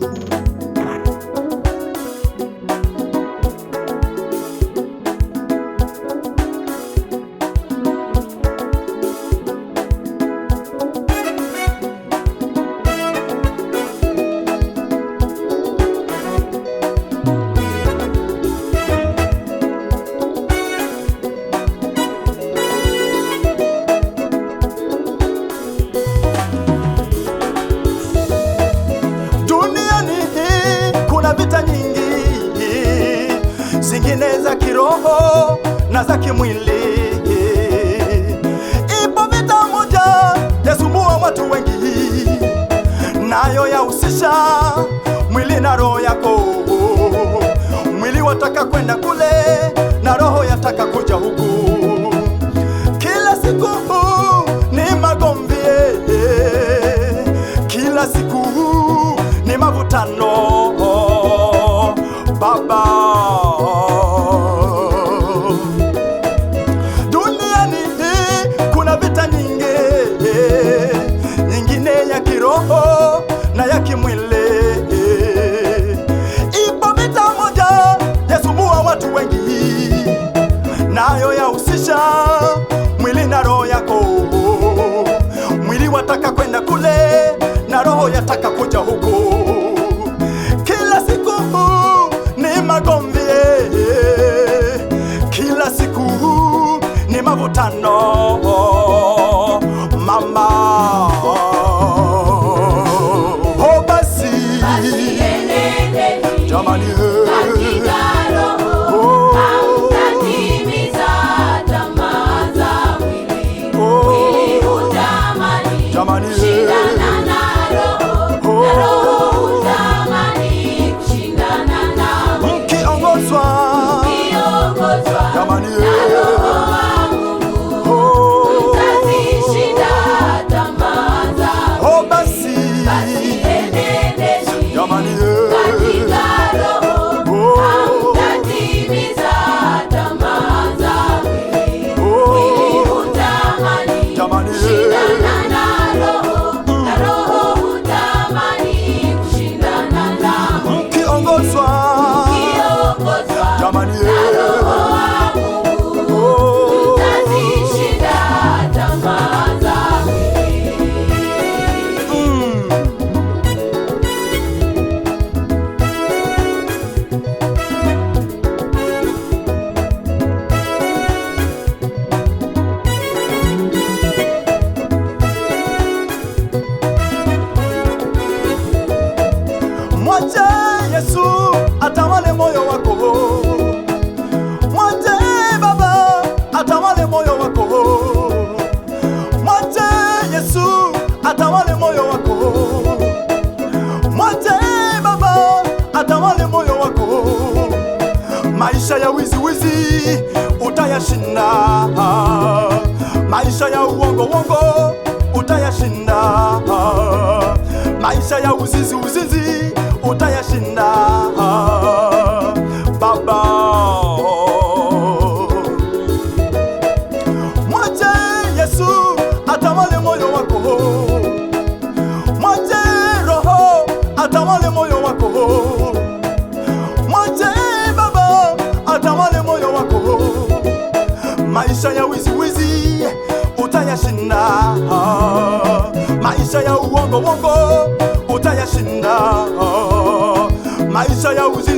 Thank you. kiroho na za kimwili. Ipo vita moja yasumbua watu wengi, nayo yahusisha mwili na roho yako. Mwili wataka Aman ya uongo uongo utayashinda, maisha ya uzizi uzizi utayashinda Baba. Mwache Yesu atawale moyo wako, mwache Roho atawale moyo wako, mwache Baba atawale moyo wako, maisha ya wizi wizi utayashinda maisha ya uongo wongo utayashinda maisha ya uzi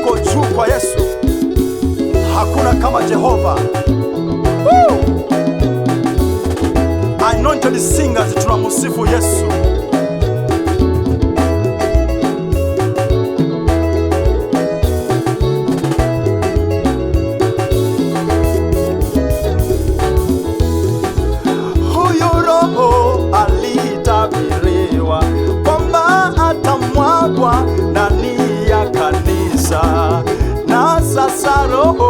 yako juu kwa Yesu. Hakuna kama Jehova. Woo! Anointed singers tunamsifu Yesu. oh.